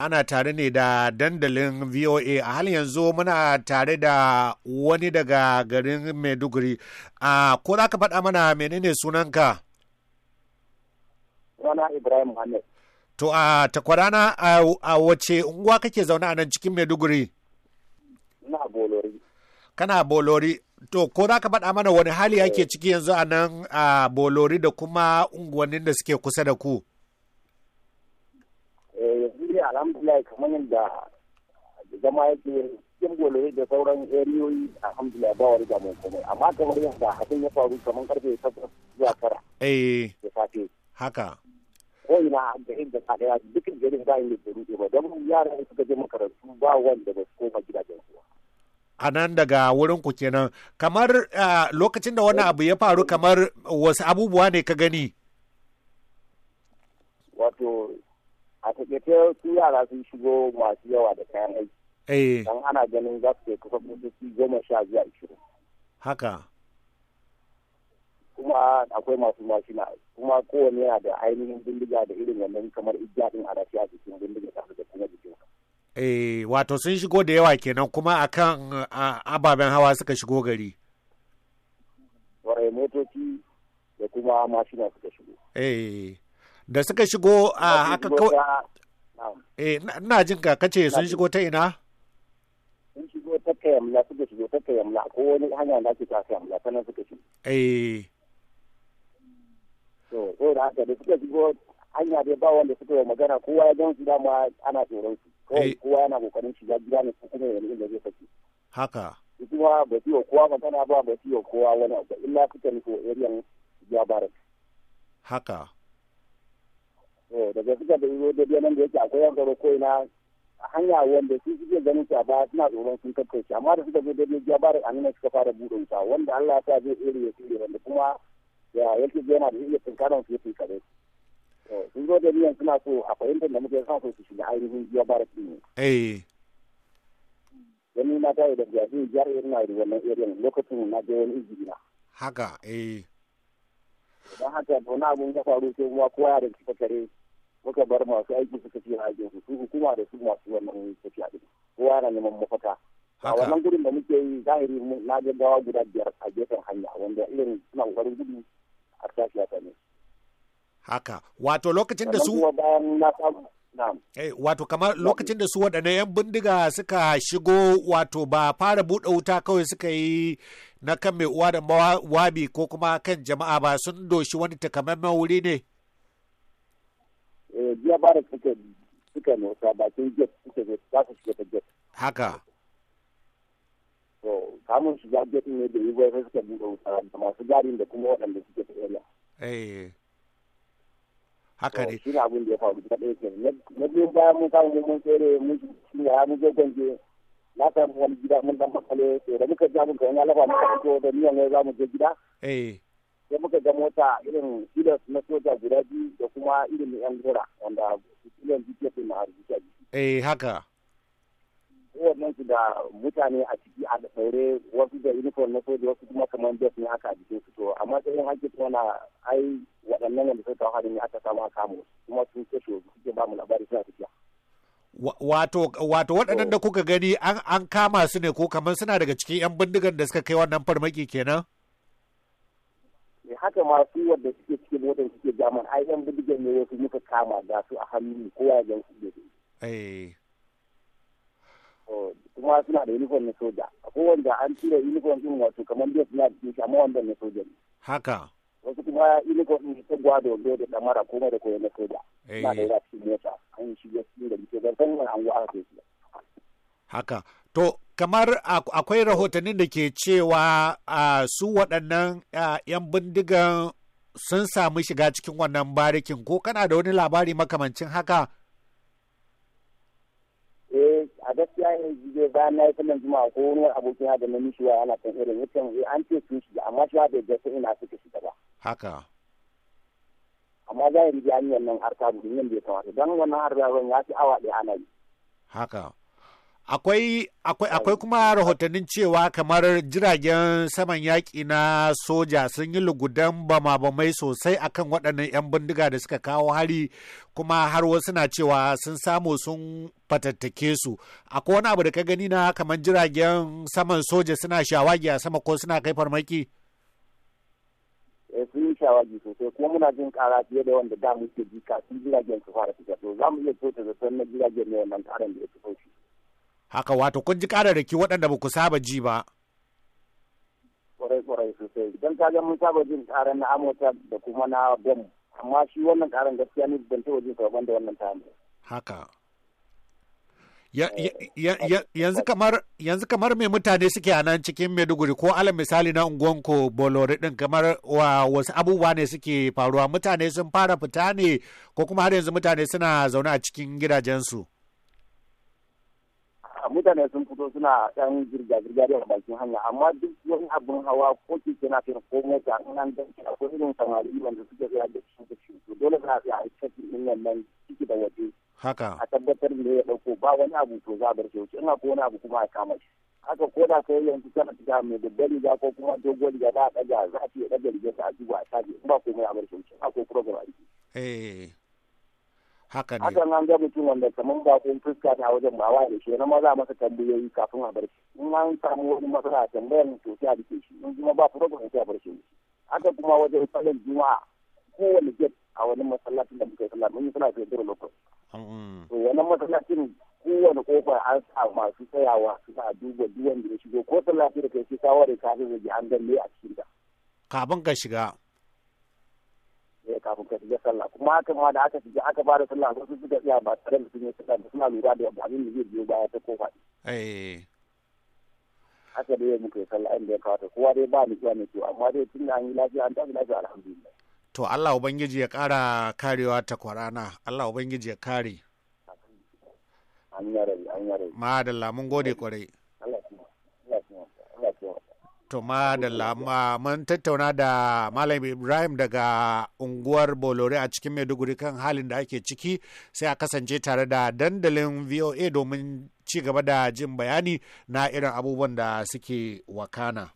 Ana tare ne da dandalin VOA a hal yanzu muna tare da wani daga garin Maiduguri. A ko za ka faɗa mana menene sunanka? Rana Ibrahim Muhammad. To a takwarana a wace unguwa kake zaune a nan cikin Maiduguri? na Bolori. Kana Bolori. To ko za ka faɗa mana wani hali yake eh. ciki yanzu a nan a Bolori da kuma unguwannin da suke kusa da ku? wannan alhamdulillah kamar yadda zama yake cikin golore da sauran eriyoyi alhamdulillah ba wani damun komai amma kamar yadda hakan ya faru kamar karfe takwas zuwa tara. Eh. Da safe. Haka. Ko ina da garin da sadaya dukkan garin ba yin da rufe ba don yara suka je makarantu ba wanda ba su koma gidajen su. a nan daga wurin ku kenan kamar lokacin da wani abu ya faru kamar wasu abubuwa ne ka gani wato a taƙaice su yara sun shigo masu yawa da kayan aiki eh. don ana ganin za su kai kusa motoci goma sha zuwa ishirin haka kuma akwai masu mashina kuma kowane yana da ainihin bindiga da irin wannan kamar igiya a rafiya a jikin bindiga tare da kuma jikin eh wato sun shigo da yawa kenan kuma akan ababen hawa suka shigo gari Wai motoci da kuma mashina suka shigo eh da suka shigo a ah, haka kawai eh ina jin ka kace sun shigo ta ina sun shigo ta kayamla suka shigo ta kayamla ko wani hanya da ke ta kayamla sanan suka shigo eh to ko da haka da suka shigo hanya dai ba wanda suka yi magana kowa ya gan su dama ana tsoron su eh. kowa yana kokarin shiga gida ne kuma yana da zai saki haka kuma ba su yi kowa magana ba ba su yi kowa wani abu illa suka nufo ariyan ya haka Eh, daga suka da iwo da nan da yake akwai yankaro ko ina hanya wanda su suke ganin su a baya suna tsoron sun kakkace amma da suka zo da ya ba a nuna suka fara buɗe wuta wanda Allah ya sa zai tsere ya tsere wanda kuma ya yake yana da iya tunkaran su ya tunkare eh, sun zo da biyan suna so a fahimtar da muke san son su shiga ainihin ya ba da ne. Eh. Wani na tayi da jami'in jihar irin na wannan irin lokacin na je wani izini na. Haka eh. Don haka da wani abun ya faru sai kuma kowa ya da kare muka bar masu aiki suka fiye aikin su hukuma da su masu wannan tafiya din kowa yana neman mafaka a wannan gudun da muke yi zahiri na gaggawa guda biyar a gefen hanya wanda irin suna kokarin gudu a tafiya ta ne haka wato lokacin da su Hey, eh, wato kamar lokacin da su waɗannan 'yan bindiga suka shigo wato ba fara buɗe wuta kawai suka yi na kan mai uwa da wabi ko kuma kan jama'a ba sun doshi wani takamaiman wuri ne? jiya ba da suka suka nosa bakin jet suka zai za su shiga ta jet haka to kamun shiga jet ne da yi buɗe wuta da masu da kuma waɗanda suke eh haka ne shi ne abin da ya faru da ɗaya ke na biyu bayan mun kama mun tsere mun shi ne ya mun zo gwanje na samu wani gida mun dan makale da muka ja mun kan lafa muka fito da niyan ne za mu je gida eh sai muka ga mota irin filas na soja guda biyu da kuma irin yan gora wanda filan jike su na a eh haka kowannen su da mutane a ciki a da saure wasu da uniform na soja wasu kuma kamar jet ne a jikin su to amma sai an ake tona ai waɗannan wanda suka kawo harin ne aka samu aka kamo kuma sun kashe su suke ba mu labari suna tafiya wato wato waɗannan da kuka gani an kama su ne ko kamar suna daga cikin 'yan bindigan da suka kai wannan farmaki kenan haka masu wadda suke cikin motar suke jaman ai yan bidigan ne wasu muka kama da su a hannu kowa ya gan su da eh. kuma suna da uniform na soja akwai wanda an tura uniform din wato kamar da suna da shi amma wanda na soja ne haka wasu kuma uniform din ta gwado da da damara komai da koyon na soja eh. na da yana cikin mota an shiga cikin da muke zan wani an gwa aka haka to kamar akwai rahotannin da ke cewa su waɗannan 'yan bindigan sun samu shiga cikin wannan barikin ko kana da wani labari makamancin haka? Eh, a gaskiya ne zai bayan na yi sallan zuma ko wani abokin hada na mishiwa ana kan irin yakan eh, an ce sun shiga amma shi hada da su ina suka shiga ba haka amma za a yi hanyar nan harka bugun yadda ya kamata don wannan harka ya fi awa ɗaya ana yi haka Akwai, akwai, kuma rahotannin cewa kamar jiragen saman yaƙi na soja sun yi lugudan bama-bamai sosai akan waɗannan 'yan bindiga da suka kawo hari kuma har wasu na cewa sun samu sun fatattake su. Akwai wani abu da ka gani na kamar jiragen saman soja suna shawagi a sama ko suna kai farmaki? Eh, sun yi shawagi sosai kuma muna jin kara fiye da wanda da muke ji kafin jiragen su fara fita to za mu iya so da zaton na jiragen ne wannan karan da ya fito shi. haka wato kun ji kararraki waɗanda ba ku saba ji ba bom amma yanzu kamar yanzu mutane suke a nan cikin Maiduguri ko alal misali na unguwanku bolori din kamar wa wasu abubuwa ne suke faruwa mutane sun fara fita ne ko kuma har yanzu mutane suna zaune a cikin gidajensu. mutane sun fito suna ɗan jirga jirga da bakin hanya amma duk wani abin hawa ko ke na fiye ko mota in an ganci akwai irin samari wanda suke zuwa da su da su dole za a tsaya a cikin ɗin nan ciki da waje haka a tabbatar da ya ɗauko ba wani abu to za a bar shi in akwai wani abu kuma a kama shi haka ko da kai yanzu kana fita mai babbar riga ko kuma doguwar riga za a ɗaga za a fiye ɗaga riga ta a duba a tabi ba komai a bar shi akwai gaba a Eh. haka ne hakan an ga mutum wanda kamar ba kun fuska ta wajen ba wa da shi na maza masa tambayoyi kafin a barci in an samu wani masana tambayar to sai a dake shi in kuma ba program sai a barci haka kuma wajen salon juma'a kowane get a wani masallaci da muke sallah mun suna sallah sai dole lokacin to wannan masallacin kowane kofa an sa masu tsayawa suna duba duwan da ya shigo ko sallah da kai sai ka ware ka zai an danne a cikin ta kafin ka shiga kafin ka shiga sallah kuma haka ma da aka shiga aka fara sallah wasu suka tsaya ba tare da sun yi sallah ba suna lura da yadda abin da zai biyo baya ta kofa eh. haka dai muka yi sallah inda ya kawata kowa dai ba nutsuwa ne to amma dai tun da an yi lafiya an tafi lafiya alhamdulillah to Allah ubangiji ya kara karewa ta kwarana Allah ubangiji ya kare an rabi an yare rabi da mun gode kwarai To da lama mun tattauna da Malam Ibrahim daga unguwar Bolore a cikin Maiduguri kan halin da ake ciki sai a kasance tare da dandalin VOA domin ci gaba da jin bayani na irin abubuwan da suke wakana.